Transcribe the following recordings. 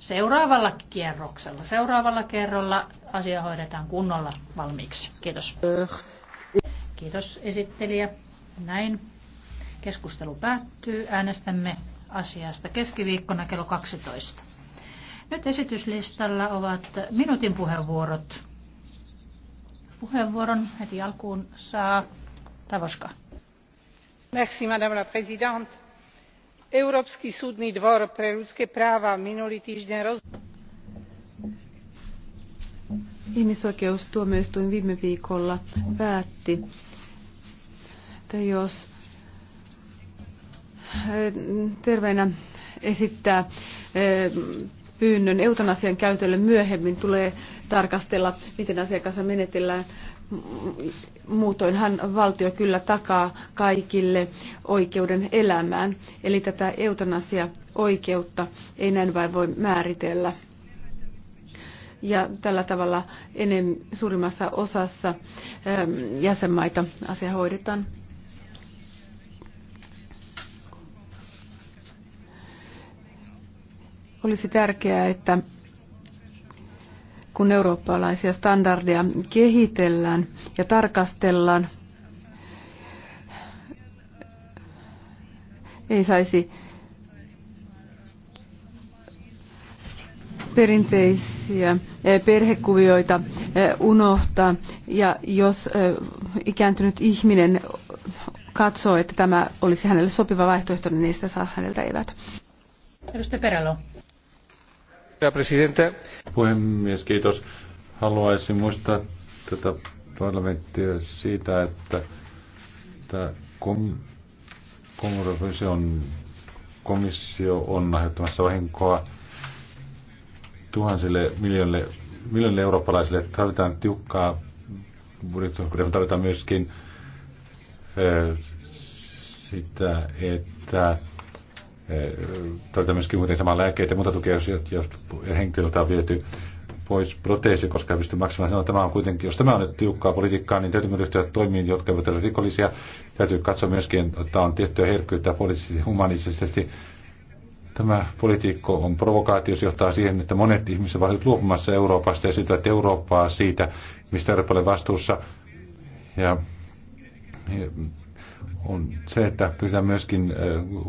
seuraavalla kierroksella. Seuraavalla kerralla asia hoidetaan kunnolla valmiiksi. Kiitos. Kiitos esittelijä. Näin. Keskustelu päättyy. Äänestämme asiasta keskiviikkona kello 12. Nyt esityslistalla ovat minuutin puheenvuorot. Puheenvuoron heti alkuun saa Tavoska. Merci, madame la présidente európsky súdny dvor pre ľudské práva minulý týždeň ihmisoikeustuomioistuin viime viikolla päätti että jos eh, terveenä esittää eh, pyynnön eutanasian käytölle myöhemmin tulee tarkastella, miten asiakassa menetellään Muutoinhan valtio kyllä takaa kaikille oikeuden elämään, eli tätä eutanasia-oikeutta ei näin vain voi määritellä. Ja tällä tavalla enem, suurimmassa osassa ähm, jäsenmaita asia hoidetaan. Olisi tärkeää, että kun eurooppalaisia standardeja kehitellään ja tarkastellaan, ei saisi perinteisiä eh, perhekuvioita eh, unohtaa. Ja jos eh, ikääntynyt ihminen katsoo, että tämä olisi hänelle sopiva vaihtoehto, niin niistä saa häneltä evät. Edustaja Perälö. Presidente. Puhemies, kiitos. Haluaisin muistaa tätä parlamenttia siitä, että tämä komissio on aiheuttamassa vahinkoa tuhansille miljoonille, miljoonille eurooppalaisille. Tarvitaan tiukkaa budjettikuria, tarvitaan myöskin ö, sitä, että tarvitaan myöskin muuten samaa lääkkeitä ja muuta tukea, jos, jos henkilöltä on viety pois proteesi, koska ei pysty maksamaan. Sanoin, tämä on kuitenkin, jos tämä on nyt tiukkaa politiikkaa, niin täytyy ryhtyä toimiin, jotka eivät ole rikollisia. Täytyy katsoa myöskin, että on tiettyä herkkyyttä poliittisesti, humanistisesti. Tämä politiikko on provokaatio, se johtaa siihen, että monet ihmiset ovat nyt luopumassa Euroopasta ja että Eurooppaa siitä, mistä Eurooppa ole vastuussa. Ja on se, että pyritään myöskin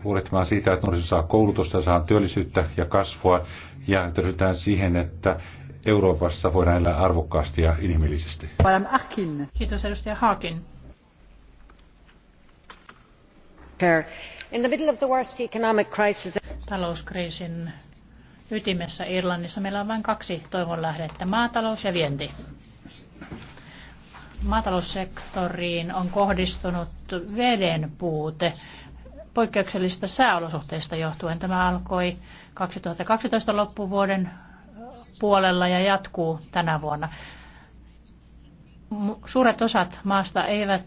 huolehtimaan siitä, että nuoriso saa koulutusta, saa työllisyyttä ja kasvua ja ryhdytään siihen, että Euroopassa voidaan elää arvokkaasti ja inhimillisesti. Kiitos edustaja Haakin. In the middle of the worst economic crisis... Talouskriisin ytimessä Irlannissa meillä on vain kaksi toivonlähdettä, lähdettä, maatalous ja vienti maataloussektoriin on kohdistunut veden puute poikkeuksellisista sääolosuhteista johtuen. Tämä alkoi 2012 loppuvuoden puolella ja jatkuu tänä vuonna. Suuret osat maasta eivät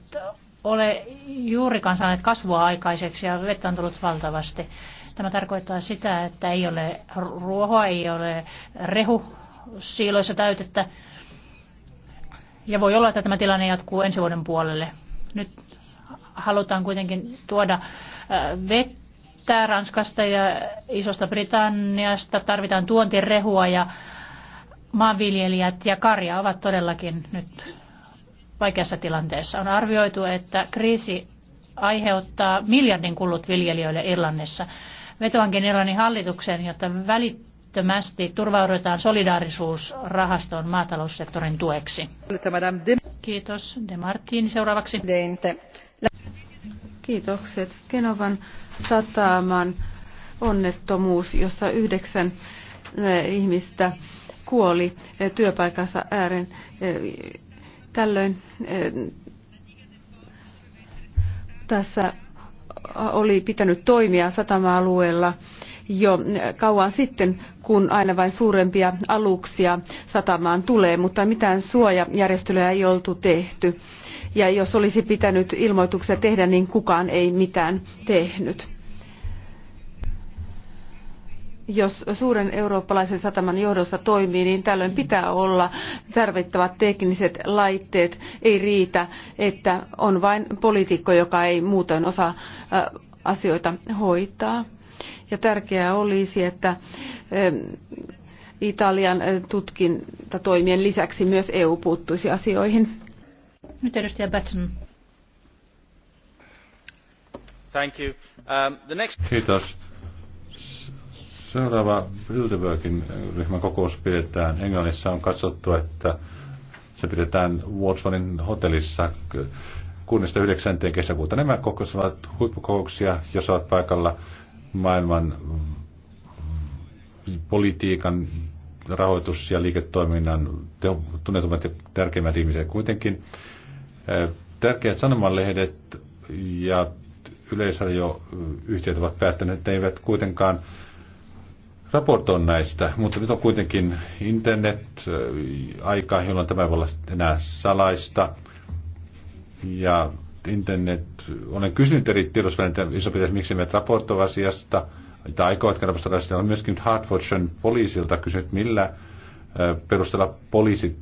ole juurikaan saaneet kasvua aikaiseksi ja vettä on tullut valtavasti. Tämä tarkoittaa sitä, että ei ole ruohoa, ei ole rehu siiloissa täytettä ja voi olla, että tämä tilanne jatkuu ensi vuoden puolelle. Nyt halutaan kuitenkin tuoda vettä Ranskasta ja Isosta Britanniasta, tarvitaan tuontirehua ja maanviljelijät ja karja ovat todellakin nyt vaikeassa tilanteessa. On arvioitu, että kriisi aiheuttaa miljardin kulut viljelijöille Irlannissa. Vetoankin Irlannin hallituksen, jotta välittää välittömästi turvaudutaan solidaarisuusrahastoon maataloussektorin tueksi. Kiitos. De Martin seuraavaksi. Kiitokset. Genovan sataaman onnettomuus, jossa yhdeksän eh, ihmistä kuoli eh, työpaikansa ääreen. Eh, tällöin tässä oli pitänyt toimia satama-alueella jo kauan sitten, kun aina vain suurempia aluksia satamaan tulee, mutta mitään suojajärjestelyä ei oltu tehty. Ja jos olisi pitänyt ilmoituksia tehdä, niin kukaan ei mitään tehnyt jos suuren eurooppalaisen sataman johdossa toimii, niin tällöin pitää olla tarvittavat tekniset laitteet. Ei riitä, että on vain poliitikko, joka ei muutoin osaa asioita hoitaa. Ja tärkeää olisi, että eh, Italian eh, tutkintatoimien lisäksi myös EU puuttuisi asioihin. Nyt edustaja Batson. Thank you. Um, the next... Kiitos. Seuraava Bilderbergin eh, ryhmän kokous pidetään Englannissa. On katsottu, että se pidetään Watsonin hotellissa 6.9. kesäkuuta. Nämä kokouset ovat huippukokouksia, jos ovat paikalla maailman politiikan, rahoitus- ja liiketoiminnan tunnetumat ja tärkeimmät ihmiset. Kuitenkin tärkeät sanomalehdet ja yleisarjoyhtiöt ovat päättäneet, että eivät kuitenkaan raportoi näistä, mutta nyt on kuitenkin internet-aika, jolloin tämä voi olla enää salaista. Ja internet, olen kysynyt eri tiedotusvälineiltä iso miksi me raportoi asiasta, tai aikovatko raportoida asiasta. Olen myöskin Hartfordshiren poliisilta kysynyt, millä perusteella poliisit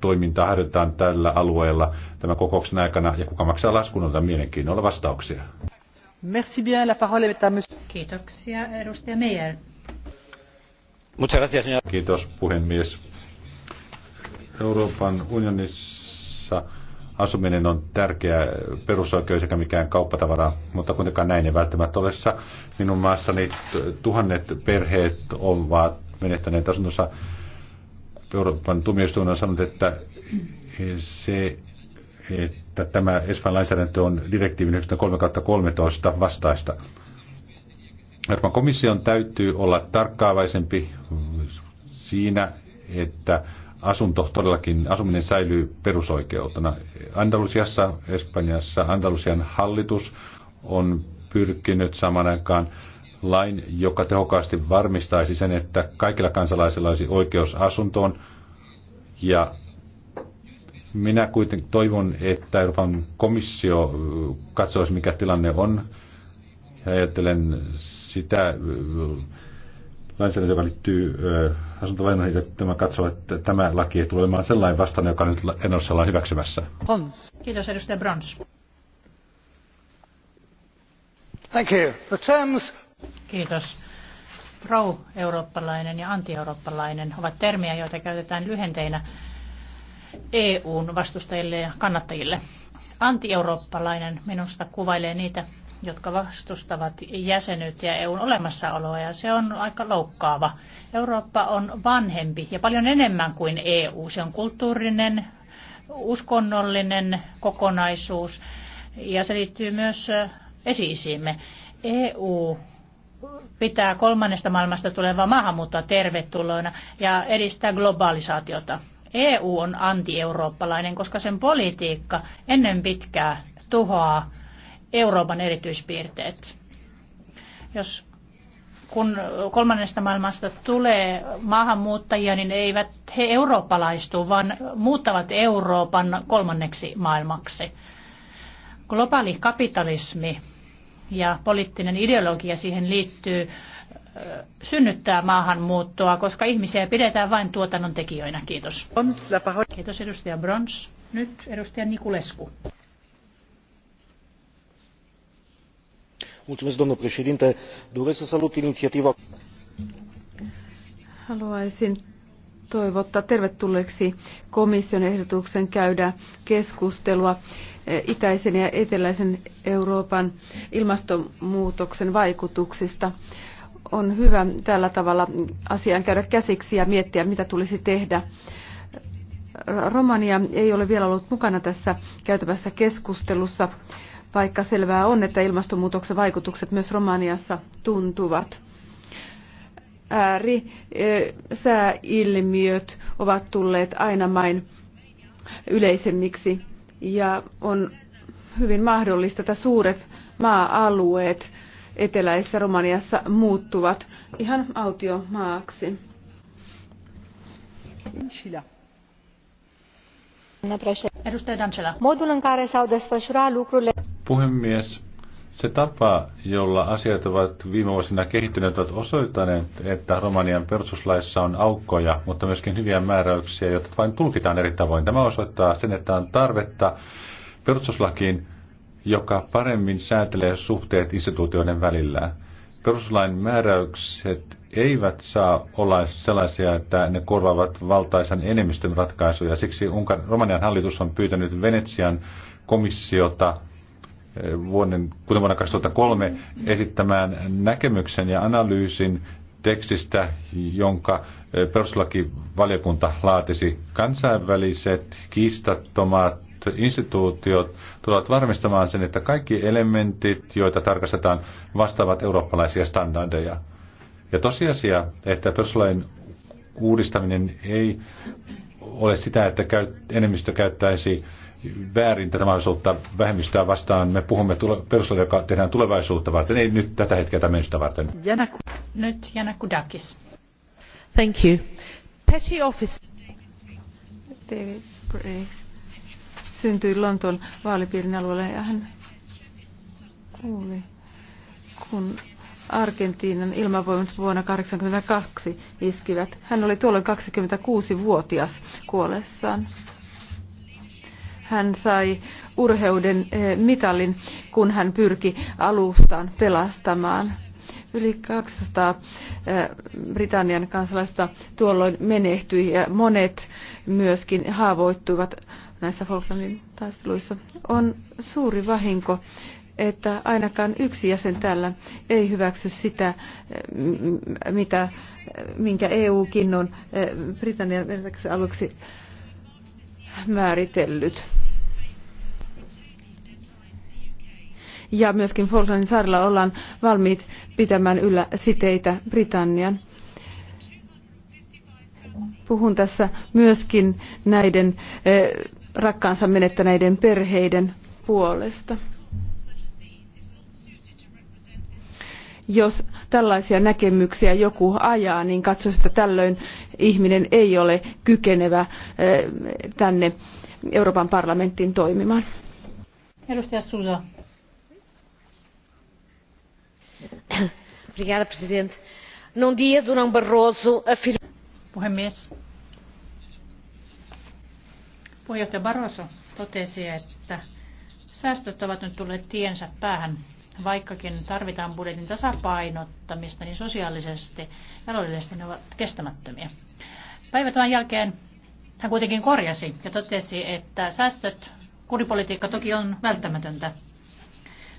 toimintaa harjoitetaan tällä alueella tämän kokouksen aikana ja kuka maksaa laskun, on mielenkiinnolla vastauksia. Merci bien, la parole est à Kiitoksia, edustaja Meijer. Kiitos puhemies. Euroopan unionissa Asuminen on tärkeä perusoikeus eikä mikään kauppatavara, mutta kuitenkaan näin ei välttämättä ole. Minun maassani tuhannet perheet ovat menettäneet asuntonsa. Euroopan tuomioistuin on sanonut, että se, että tämä Espanjan lainsäädäntö on direktiivin 93-13 vastaista. Euroopan komission täytyy olla tarkkaavaisempi siinä, että asunto todellakin, asuminen säilyy perusoikeutena. Andalusiassa, Espanjassa, Andalusian hallitus on pyrkinyt saman aikaan lain, joka tehokkaasti varmistaisi sen, että kaikilla kansalaisilla olisi oikeus asuntoon. Ja minä kuitenkin toivon, että Euroopan komissio katsoisi, mikä tilanne on. Ja ajattelen sitä lainsäädäntö, joka liittyy asuntolainoihin, ja tämä katsoo, että tämä laki ei tule olemaan sellainen vastainen, joka nyt enossa ollaan hyväksymässä. On. Kiitos edustaja Brons. Thank you. The terms... Kiitos. Pro-eurooppalainen ja anti-eurooppalainen ovat termiä, joita käytetään lyhenteinä EUn vastustajille ja kannattajille. Anti-eurooppalainen minusta kuvailee niitä jotka vastustavat jäsenyyttä ja EUn olemassaoloa, ja se on aika loukkaava. Eurooppa on vanhempi ja paljon enemmän kuin EU. Se on kulttuurinen, uskonnollinen kokonaisuus, ja se liittyy myös esiisiimme. EU pitää kolmannesta maailmasta tulevaa maahanmuuttoa tervetuloina ja edistää globalisaatiota. EU on anti-eurooppalainen, koska sen politiikka ennen pitkää tuhoaa Euroopan erityispiirteet. Jos kun kolmannesta maailmasta tulee maahanmuuttajia, niin eivät he eurooppalaistu, vaan muuttavat Euroopan kolmanneksi maailmaksi. Globaali kapitalismi ja poliittinen ideologia siihen liittyy synnyttää maahanmuuttoa, koska ihmisiä pidetään vain tuotannon tekijöinä. Kiitos. Kiitos edustaja Brons. Nyt edustaja Nikulesku. domnule președinte doresc să salut inițiativa haluaisin toivottaa tervetulleeksi komission ehdotuksen käydä keskustelua e, itäisen ja eteläisen Euroopan ilmastonmuutoksen vaikutuksista. On hyvä tällä tavalla asiaan käydä käsiksi ja miettiä, mitä tulisi tehdä. Romania ei ole vielä ollut mukana tässä käytävässä keskustelussa vaikka selvää on, että ilmastonmuutoksen vaikutukset myös Romaniassa tuntuvat. Ääri e, sääilmiöt ovat tulleet aina main yleisemmiksi ja on hyvin mahdollista, että suuret maa-alueet eteläisessä Romaniassa muuttuvat ihan autiomaaksi. Edustaja Dancela. Modul în care s-au desfășurat lucrurile Puhemies, se tapa, jolla asiat ovat viime vuosina kehittyneet, ovat osoittaneet, että Romanian perustuslaissa on aukkoja, mutta myöskin hyviä määräyksiä, jotka vain tulkitaan eri tavoin. Tämä osoittaa sen, että on tarvetta perustuslakiin, joka paremmin säätelee suhteet instituutioiden välillä. Perustuslain määräykset eivät saa olla sellaisia, että ne korvaavat valtaisen enemmistön ratkaisuja. Siksi Romanian hallitus on pyytänyt Venetsian komissiota vuoden, kuten vuonna 2003 esittämään näkemyksen ja analyysin tekstistä, jonka perustuslakivaliokunta laatisi. Kansainväliset kiistattomat instituutiot tulevat varmistamaan sen, että kaikki elementit, joita tarkastetaan, vastaavat eurooppalaisia standardeja. Ja tosiasia, että perustuslain uudistaminen ei ole sitä, että enemmistö käyttäisi väärin tätä mahdollisuutta vähemmistöä vastaan. Me puhumme perustuslaista, joka tehdään tulevaisuutta varten, ei nyt tätä hetkeä tämän varten. Janaku, nyt Dakis. Thank you. Petty Office. David Bray syntyi Lontoon vaalipiirin alueella ja hän kuuli, kun Argentiinan ilmavoimat vuonna 1982 iskivät. Hän oli tuolloin 26-vuotias kuollessaan. Hän sai urheuden eh, mitalin, kun hän pyrki alustaan pelastamaan. Yli 200 eh, Britannian kansalaista tuolloin menehtyi ja monet myöskin haavoittuivat näissä Falklandin taisteluissa. On suuri vahinko, että ainakaan yksi jäsen täällä ei hyväksy sitä, eh, mitä, minkä EUkin on Britannian aluksi määritellyt. Ja myöskin Falklandin saarella ollaan valmiit pitämään yllä siteitä Britannian. Puhun tässä myöskin näiden eh, rakkaansa menettäneiden perheiden puolesta. jos tällaisia näkemyksiä joku ajaa, niin katsoisi, että tällöin ihminen ei ole kykenevä eh, tänne Euroopan parlamenttiin toimimaan. Edustaja Susa. dia, Durão Barroso Puhemies. Puheenjohtaja Barroso totesi, että säästöt ovat nyt tulleet tiensä päähän Vaikkakin tarvitaan budjetin tasapainottamista, niin sosiaalisesti ja taloudellisesti ne ovat kestämättömiä. Päivä tämän jälkeen hän kuitenkin korjasi ja totesi, että säästöt, kuripolitiikka toki on välttämätöntä.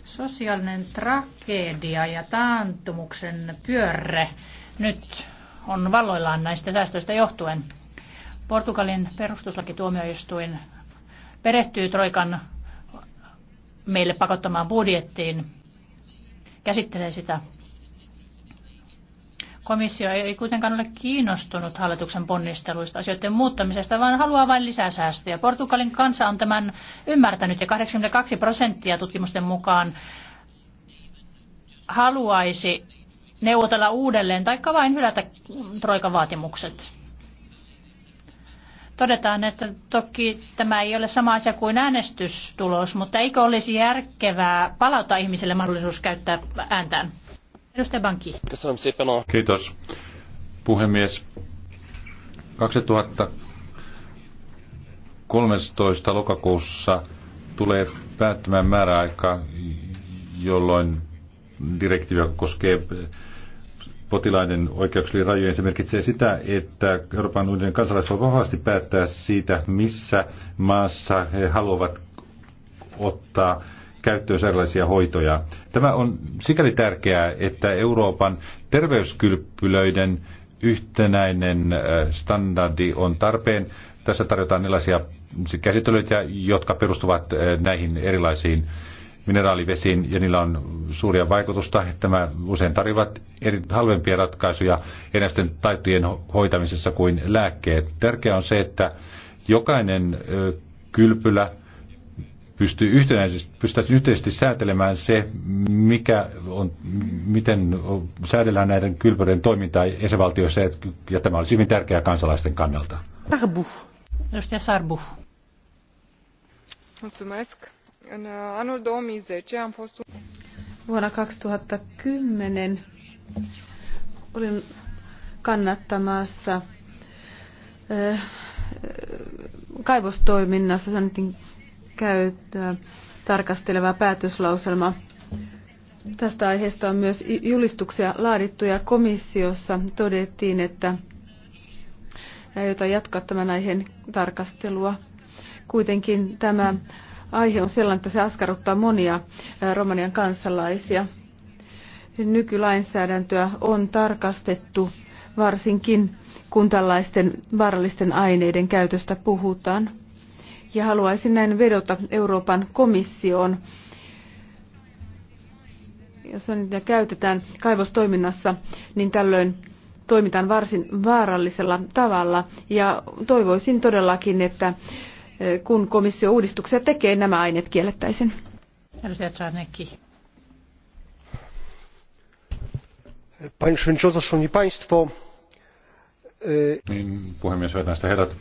Sosiaalinen tragedia ja taantumuksen pyörre nyt on valloillaan näistä säästöistä johtuen. Portugalin perustuslakituomioistuin perehtyy Troikan meille pakottamaan budjettiin käsittelee sitä. Komissio ei kuitenkaan ole kiinnostunut hallituksen ponnisteluista asioiden muuttamisesta, vaan haluaa vain lisää säästöjä. Portugalin kansa on tämän ymmärtänyt ja 82 prosenttia tutkimusten mukaan haluaisi neuvotella uudelleen tai vain hylätä troikan vaatimukset todetaan, että toki tämä ei ole sama asia kuin äänestystulos, mutta eikö olisi järkevää palauttaa ihmisille mahdollisuus käyttää ääntään? Edustaja Banki. Kiitos, puhemies. 2013 lokakuussa tulee päättymään määräaika, jolloin direktiivi koskee potilaiden oikeuksien rajojen. Se merkitsee sitä, että Euroopan unionin kansalaiset voivat vahvasti päättää siitä, missä maassa he haluavat ottaa käyttöön erilaisia hoitoja. Tämä on sikäli tärkeää, että Euroopan terveyskylpylöiden yhtenäinen äh, standardi on tarpeen. Tässä tarjotaan erilaisia käsittelyitä, jotka perustuvat äh, näihin erilaisiin mineraalivesiin ja niillä on suuria vaikutusta. Tämä usein tarjoavat eri, halvempia ratkaisuja enäisten taitojen hoitamisessa kuin lääkkeet. Tärkeää on se, että jokainen kylpylä pystyy yhtenäisesti, pystytään yhteisesti säätelemään se, mikä on, miten säädellään näiden kylpyiden toimintaa esivaltioissa, ja tämä olisi hyvin tärkeää kansalaisten kannalta. Sarbu. Edustaja Sarbu. Mulțumesc. În anul 2010 am fost... Vuonna 2010 olin kannattamassa eh, eh, kaivostoiminnassa sanottiin käyttöä tarkasteleva päätöslauselma. Tästä aiheesta on myös julistuksia laadittu ja komissiossa todettiin, että aiotaan jatkaa tämän aiheen tarkastelua. Kuitenkin tämä aihe on sellainen, että se askarruttaa monia Romanian kansalaisia. Nykylainsäädäntöä on tarkastettu varsinkin kun tällaisten vaarallisten aineiden käytöstä puhutaan. Ja haluaisin näin vedota Euroopan komissioon, jos on niitä käytetään kaivostoiminnassa, niin tällöin toimitaan varsin vaarallisella tavalla. Ja toivoisin todellakin, että kun komissio uudistuksia tekee, nämä aineet kiellettäisiin. Edustaja Czarnecki. Panie przewodniczący, szanowni państwo. Niin, puhemies, vetän sitä herrat.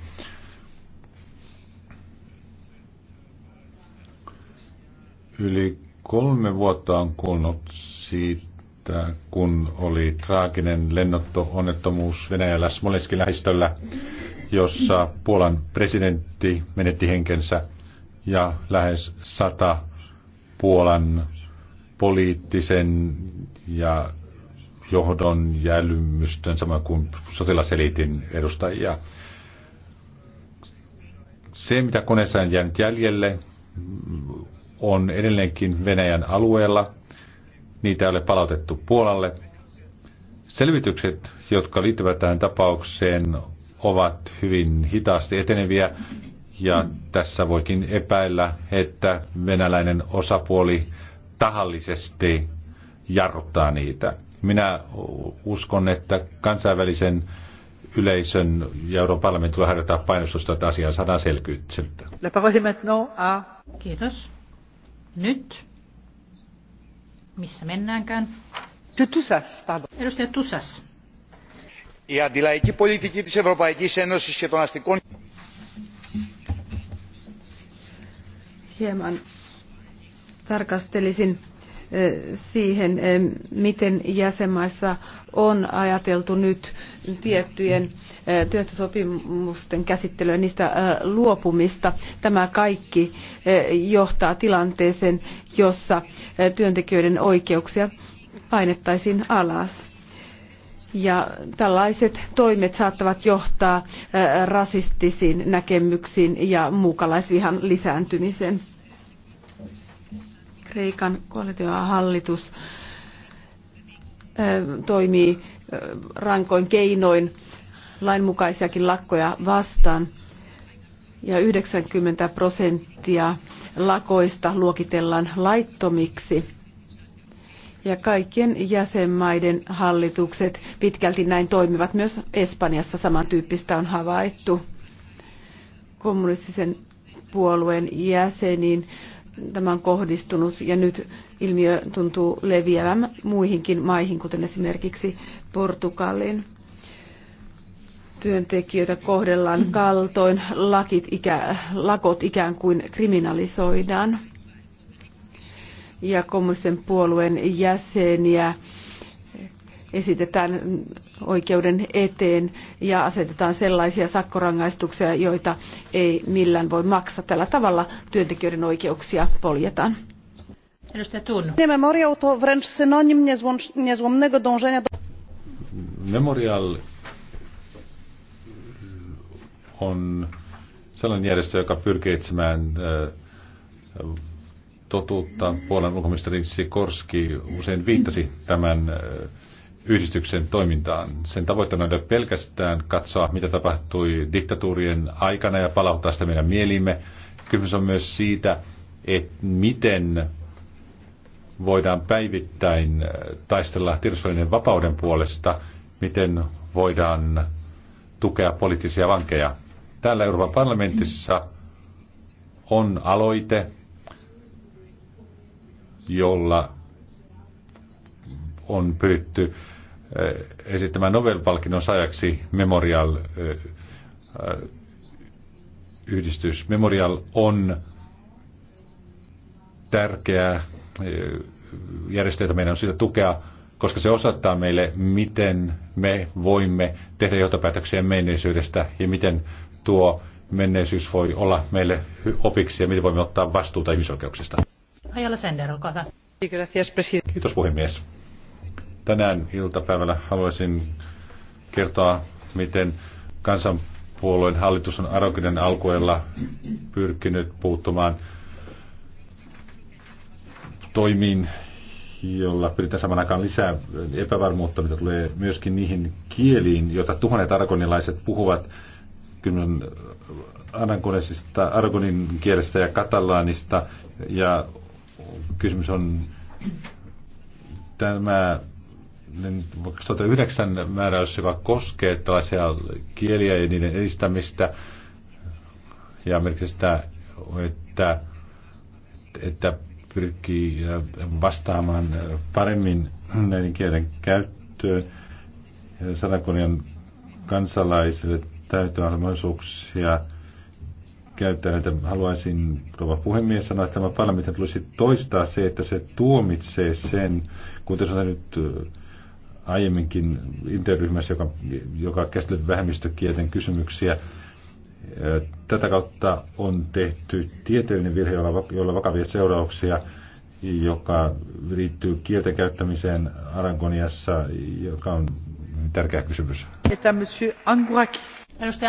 Yli kolme vuotta on kulunut siitä, että kun oli traaginen lennotto-onnettomuus Venäjällä Smolenskin lähistöllä, jossa Puolan presidentti menetti henkensä ja lähes sata Puolan poliittisen ja johdon ja älymystön, sama kuin sotilaseliitin edustajia. Se, mitä koneessa on jäänyt jäljelle, on edelleenkin Venäjän alueella – niitä ei ole palautettu Puolalle. Selvitykset, jotka liittyvät tähän tapaukseen, ovat hyvin hitaasti eteneviä ja tässä voikin epäillä, että venäläinen osapuoli tahallisesti jarruttaa niitä. Minä uskon, että kansainvälisen yleisön ja Euroopan parlamentin tulee harjoittaa painostusta, että asiaa saadaan selkyyttä. Kiitos. Nyt missä mennäänkään. Edustaja Tussas. Η αντιλαϊκή πολιτική της Ευρωπαϊκής Ένωσης και των αστικών... Hieman tarkastelisin siihen, miten jäsenmaissa on ajateltu nyt tiettyjen työtösopimusten käsittelyä, niistä luopumista. Tämä kaikki johtaa tilanteeseen, jossa työntekijöiden oikeuksia painettaisiin alas. Ja tällaiset toimet saattavat johtaa rasistisiin näkemyksiin ja muukalaisvihan lisääntymiseen. Kreikan hallitus toimii rankoin keinoin lainmukaisiakin lakkoja vastaan. Ja 90 prosenttia lakoista luokitellaan laittomiksi. Ja kaikkien jäsenmaiden hallitukset pitkälti näin toimivat. Myös Espanjassa samantyyppistä on havaittu kommunistisen puolueen jäseniin tämä on kohdistunut ja nyt ilmiö tuntuu leviävän muihinkin maihin, kuten esimerkiksi Portugaliin. Työntekijöitä kohdellaan kaltoin, lakit ikä, lakot ikään kuin kriminalisoidaan ja kommunisten puolueen jäseniä esitetään oikeuden eteen ja asetetaan sellaisia sakkorangaistuksia, joita ei millään voi maksaa. Tällä tavalla työntekijöiden oikeuksia poljetaan. Memorial to wręcz synonim niezłomnego dążenia do... Memorial on sellainen järjestö, joka pyrkii etsimään äh, totuutta. Puolen ulkoministeri Sikorski usein viittasi tämän äh, yhdistyksen toimintaan. Sen tavoitteena on pelkästään katsoa, mitä tapahtui diktatuurien aikana ja palauttaa sitä meidän mieliimme. Kysymys on myös siitä, että miten voidaan päivittäin äh, taistella tiedotusvälineen vapauden puolesta, miten voidaan tukea poliittisia vankeja. Täällä Euroopan parlamentissa on aloite, jolla on pyritty eh, esittämään Nobel-palkinnon saajaksi Memorial eh, eh, yhdistys. Memorial on tärkeä järjestö, jota meidän on syytä tukea, koska se osoittaa meille, miten me voimme tehdä johtopäätöksiä menneisyydestä ja miten tuo menneisyys voi olla meille opiksi ja miten voimme ottaa vastuuta ihmisoikeuksista. Ajalla Sender, olkaa hyvä. Kiitos puhemies. Tänään iltapäivällä haluaisin kertoa, miten kansanpuolueen hallitus on Arokinen alkuella pyrkinyt puuttumaan toimiin, jolla pyritään saman aikaan lisää epävarmuutta, mitä tulee myöskin niihin kieliin, joita tuhannet arkonilaiset puhuvat. Kyllä on arkonin kielestä ja katalaanista, ja kysymys on tämä 2009 niin, määräys, joka koskee tällaisia kieliä ja niiden edistämistä, ja merkitsee sitä, että, että pyrkii äh, vastaamaan äh, paremmin näiden kielen käyttöön. Sanakunnan kansalaisille täytyy olla mahdollisuuksia käyttää näitä. Haluaisin, rouva puhemies, sanoa, että tämä parlamentti tulisi toistaa se, että se tuomitsee sen, kuten sanoin nyt äh, aiemminkin interryhmässä, joka, joka käsitteli vähemmistökielten kysymyksiä. Tätä kautta on tehty tieteellinen virhe, jolla, jolla vakavia seurauksia, joka liittyy kielten käyttämiseen Aragoniassa, joka on tärkeä kysymys. Edustaja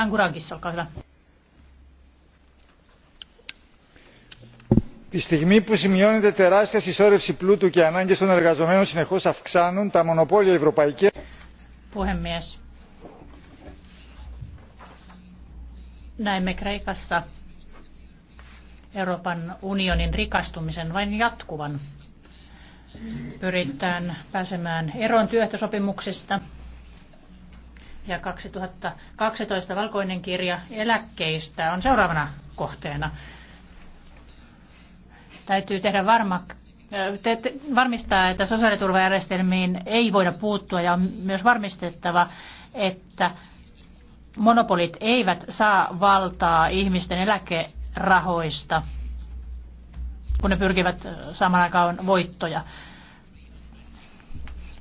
Angurakis, olkaa hyvä. τη στιγμή που σημειώνεται τεράστια συσσώρευση πλούτου και οι ανάγκες των εργαζομένων συνεχώς αυξάνουν τα μονοπόλια ευρωπαϊκή... Puhemies. Näemme Kreikassa Euroopan unionin rikastumisen vain jatkuvan. Pyritään pääsemään eroon työehtosopimuksista. Ja 2012 valkoinen kirja eläkkeistä on seuraavana kohteena. Täytyy tehdä varma, te, te, varmistaa, että sosiaaliturvajärjestelmiin ei voida puuttua ja on myös varmistettava, että monopolit eivät saa valtaa ihmisten eläkerahoista, kun ne pyrkivät saman aikaan voittoja.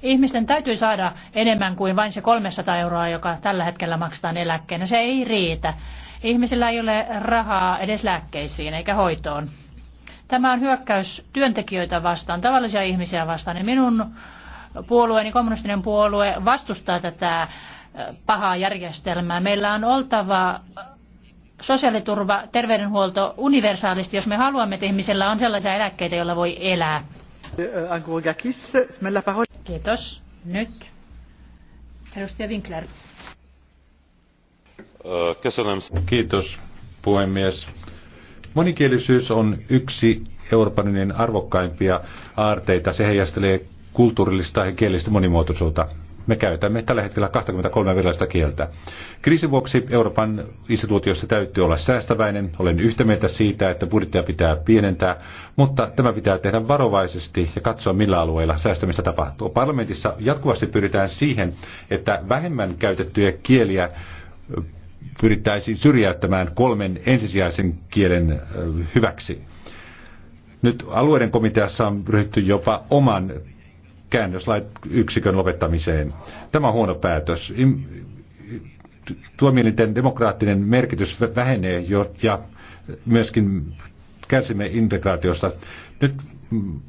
Ihmisten täytyy saada enemmän kuin vain se 300 euroa, joka tällä hetkellä maksetaan eläkkeenä. Se ei riitä. Ihmisillä ei ole rahaa edes lääkkeisiin eikä hoitoon. Tämä on hyökkäys työntekijöitä vastaan, tavallisia ihmisiä vastaan. Ja minun puolueeni, kommunistinen puolue, vastustaa tätä äh, pahaa järjestelmää. Meillä on oltava sosiaaliturva, terveydenhuolto universaalisti, jos me haluamme, että ihmisellä on sellaisia eläkkeitä, joilla voi elää. Eh, Kiitos. Nyt edustaja Winkler. Kiitos puhemies. Monikielisyys on yksi Euroopan unionin arvokkaimpia aarteita. Se heijastelee kulttuurillista ja kielistä monimuotoisuutta. Me käytämme tällä hetkellä 23 virallista kieltä. Kriisin vuoksi Euroopan instituutiossa täytyy olla säästäväinen. Olen yhtä mieltä siitä, että budjettia pitää pienentää, mutta tämä pitää tehdä varovaisesti ja katsoa, millä alueilla säästämistä tapahtuu. Parlamentissa jatkuvasti pyritään siihen, että vähemmän käytettyjä kieliä pyrittäisiin syrjäyttämään kolmen ensisijaisen kielen hyväksi. Nyt alueiden komiteassa on ryhdytty jopa oman käännösyksikön lopettamiseen. Tämä on huono päätös. Tuomielinten demokraattinen merkitys vähenee jo, ja myöskin kärsimme integraatiosta. Nyt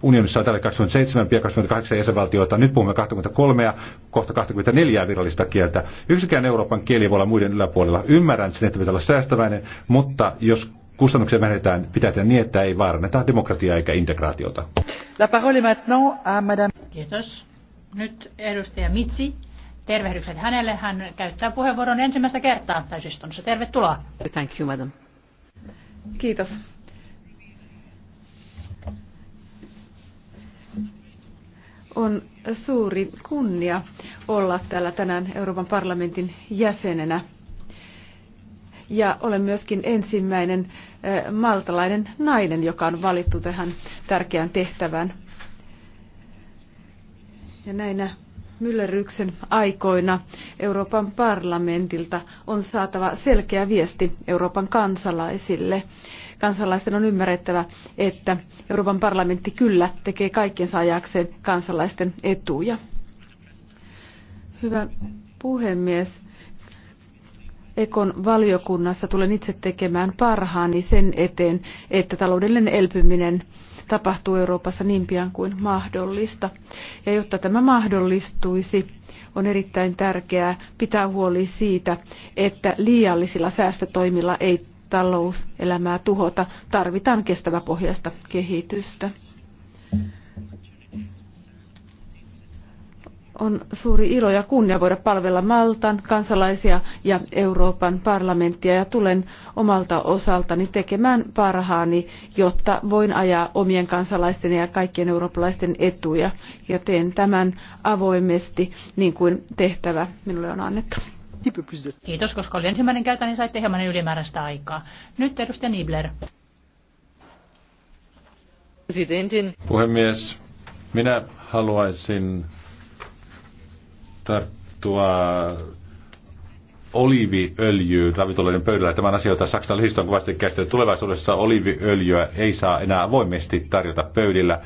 unionissa on tällä 27, ja 28 jäsenvaltiota. Nyt puhumme 23 ja kohta 24 virallista kieltä. Yksikään Euroopan kieli voi olla muiden yläpuolella. Ymmärrän sen, että pitää olla säästäväinen, mutta jos kustannuksia vähennetään, pitää tehdä niin, että ei vaaranneta demokratiaa eikä integraatiota. La parole maintenant à madame. Kiitos. Nyt edustaja Mitsi. Tervehdykset hänelle. Hän käyttää puheenvuoron ensimmäistä kertaa täysistunnossa. Tervetuloa. Thank you, madam. Kiitos On suuri kunnia olla täällä tänään Euroopan parlamentin jäsenenä. Ja olen myöskin ensimmäinen eh, maltalainen nainen, joka on valittu tähän tärkeään tehtävään. Ja näinä myllerryksen aikoina Euroopan parlamentilta on saatava selkeä viesti Euroopan kansalaisille kansalaisten on ymmärrettävä, että Euroopan parlamentti kyllä tekee kaikkensa ajakseen kansalaisten etuja. Hyvä puhemies. Ekon valiokunnassa tulen itse tekemään parhaani sen eteen, että taloudellinen elpyminen tapahtuu Euroopassa niin pian kuin mahdollista. Ja jotta tämä mahdollistuisi, on erittäin tärkeää pitää huoli siitä, että liiallisilla säästötoimilla ei talouselämää tuhota. Tarvitaan kestäväpohjaista kehitystä. on suuri ilo ja kunnia voida palvella Maltan kansalaisia ja Euroopan parlamenttia ja tulen omalta osaltani tekemään parhaani, jotta voin ajaa omien kansalaisten ja kaikkien eurooppalaisten etuja ja teen tämän avoimesti niin kuin tehtävä minulle on annettu. Kiitos, koska oli ensimmäinen käytä, niin saitte hieman ylimääräistä aikaa. Nyt edustaja Nibler. Puhemies, minä haluaisin tarttua oliiviöljyyn ravintoloiden pöydällä. Tämän asia, jota Saksan lehdistö on kovasti käsitellyt. Tulevaisuudessa oliiviöljyä ei saa enää avoimesti tarjota pöydillä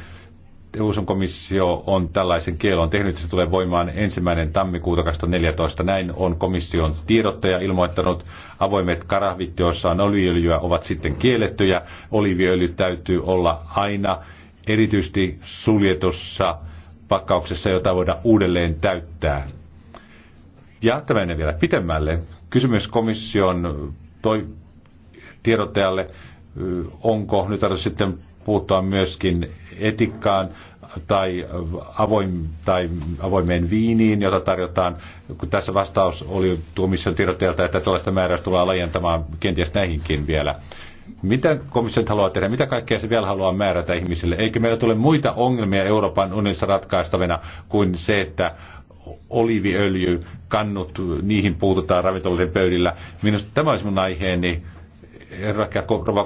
EU:n komissio on tällaisen kielon tehnyt, se tulee voimaan ensimmäinen tammikuuta 2014. Näin on komission tiedottaja ilmoittanut. Avoimet karahvit, joissa on oliöljyä, ovat sitten kiellettyjä. Oliviöljy täytyy olla aina erityisesti suljetussa pakkauksessa, jota voidaan uudelleen täyttää. Ja tämä menee vielä pitemmälle. Kysymys komission toi tiedottajalle, onko nyt sitten puuttua myöskin etikkaan tai, avoim, tai avoimeen viiniin, jota tarjotaan. Kun tässä vastaus oli tuomission tiedottajalta, että tällaista määräystä tullaan laajentamaan kenties näihinkin vielä. Mitä komissio haluaa tehdä? Mitä kaikkea se vielä haluaa määrätä ihmisille? Eikö meillä tule muita ongelmia Euroopan unionissa ratkaistavina kuin se, että oliiviöljy kannut, niihin puututaan ravintoloiden pöydillä. Minusta tämä olisi mun aiheeni, herra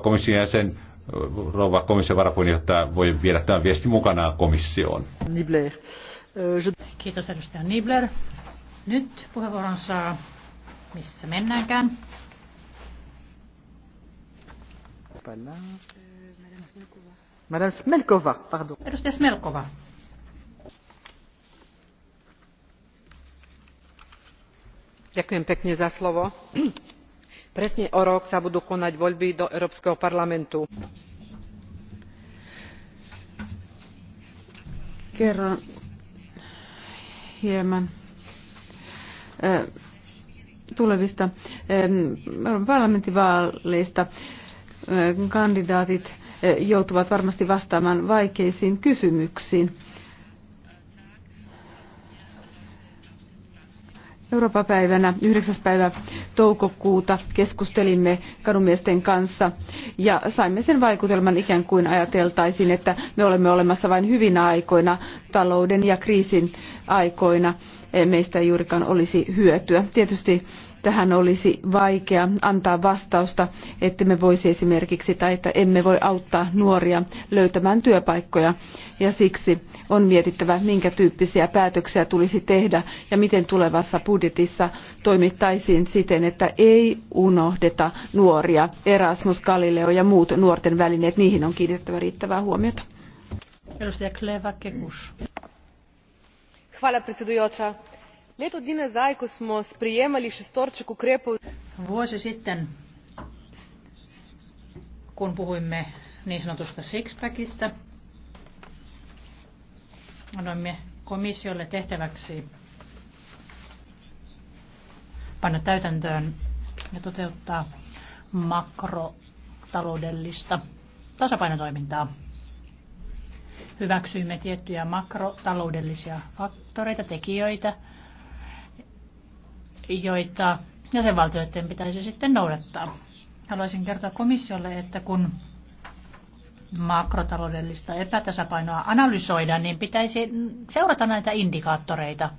komission jäsen, rouva komission varapuheenjohtaja voi viedä tämän viesti mukanaan komissioon. Nibler. Kiitos edustaja Nibler. Nyt puheenvuoron saa, missä mennäänkään. Madame Smelkova, pardon. Edustaja Smelkova. Ďakujem pekne za slovo presne o rok sa budú konať voľby do európskeho parlamentu. tulevista Euroopan vaaleista Kandidaatit joutuvat varmasti vastaamaan vaikeisiin kysymyksiin. Euroopan päivänä 9. päivä toukokuuta keskustelimme kadumiesten kanssa ja saimme sen vaikutelman ikään kuin ajateltaisiin, että me olemme olemassa vain hyvinä aikoina, talouden ja kriisin aikoina. Meistä ei juurikaan olisi hyötyä. Tietysti tähän olisi vaikea antaa vastausta, että me voisi esimerkiksi tai että emme voi auttaa nuoria löytämään työpaikkoja. Ja siksi on mietittävä, minkä tyyppisiä päätöksiä tulisi tehdä ja miten tulevassa budjetissa toimittaisiin siten, että ei unohdeta nuoria. Erasmus, Galileo ja muut nuorten välineet, niihin on kiinnitettävä riittävää huomiota. Edustaja Kleva Kekus. Hvala predsjedujoča leto dni nazaj ko smo sprejemali šestorček ukrepov. vuosi sitten kun puhuimme niin sanotusta sixpackista annoimme komissiolle tehtäväksi panna täytäntöön ja toteuttaa makrotaloudellista tasapainotoimintaa. Hyväksyimme tiettyjä makrotaloudellisia faktoreita, tekijöitä, joita jäsenvaltioiden pitäisi sitten noudattaa. Haluaisin kertoa komissiolle, että kun makrotaloudellista epätasapainoa analysoida, niin pitäisi seurata näitä indikaattoreita.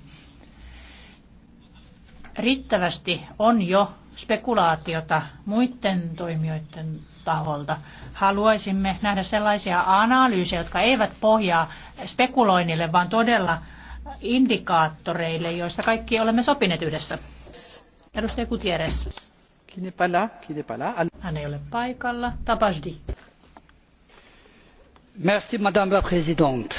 Riittävästi on jo spekulaatiota muiden toimijoiden taholta. Haluaisimme nähdä sellaisia analyysejä, jotka eivät pohjaa spekuloinnille, vaan todella indikaattoreille, joista kaikki olemme sopineet yhdessä. Edustaja Gutierrez. Hän ei ole paikalla. Tapasdi. Merci, Madame la Présidente.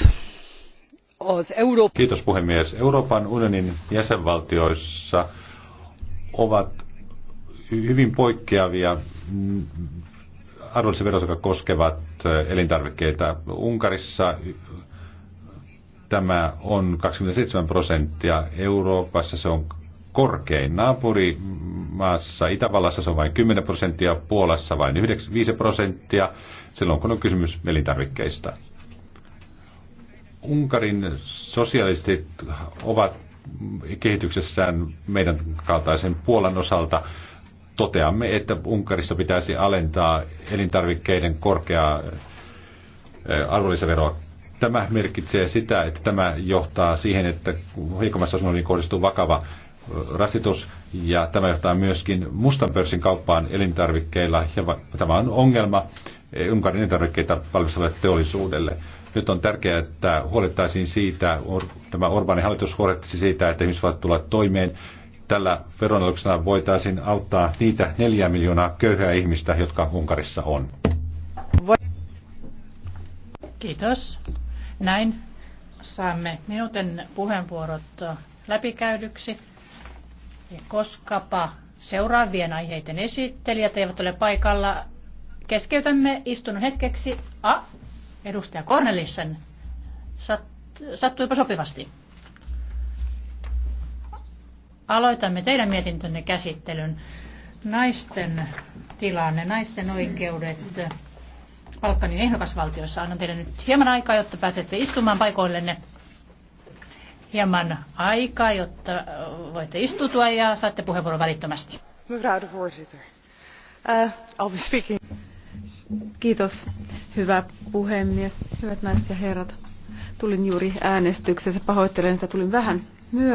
Kiitos puhemies. Euroopan unionin jäsenvaltioissa ovat hyvin poikkeavia arvonlisäverot, jotka koskevat eh, elintarvikkeita. Unkarissa tämä on 27 prosenttia, Euroopassa se on korkein. naapuri maassa Itävallassa se on vain 10 prosenttia, Puolassa vain 95 prosenttia, silloin kun on kysymys elintarvikkeista. Unkarin sosialistit ovat kehityksessään meidän kaltaisen Puolan osalta. Toteamme, että Unkarissa pitäisi alentaa elintarvikkeiden korkeaa arvonlisäveroa Tämä merkitsee sitä, että tämä johtaa siihen, että heikommassa asunnolle kohdistuu vakava rasitus ja tämä johtaa myöskin mustan pörssin kauppaan elintarvikkeilla ja tämä on ongelma eh, Unkarin elintarvikkeita valmistavalle teollisuudelle. Nyt on tärkeää, että huolettaisiin siitä, or, tämä Orbanin hallitus huolettaisi siitä, että ihmiset voivat tulla toimeen. Tällä veronalennuksella voitaisiin auttaa niitä neljä miljoonaa köyhää ihmistä, jotka Unkarissa on. Kiitos. Näin saamme minuutin puheenvuorot läpikäydyksi. Ja koskapa seuraavien aiheiden esittelijät eivät ole paikalla, keskeytämme istunnon hetkeksi. A. Edustaja Cornelissen. Sat, sattuipa sopivasti. Aloitamme teidän mietintönne käsittelyn. Naisten tilanne, naisten oikeudet Balkanin ehdokasvaltioissa. Annan teille nyt hieman aikaa, jotta pääsette istumaan paikoillenne hieman aikaa, jotta voitte istutua ja saatte puheenvuoron välittömästi. Eh, Kiitos, hyvä puhemies. Hyvät naiset ja herrat, tulin juuri äänestyksessä. Pahoittelen, että tulin vähän myöhään.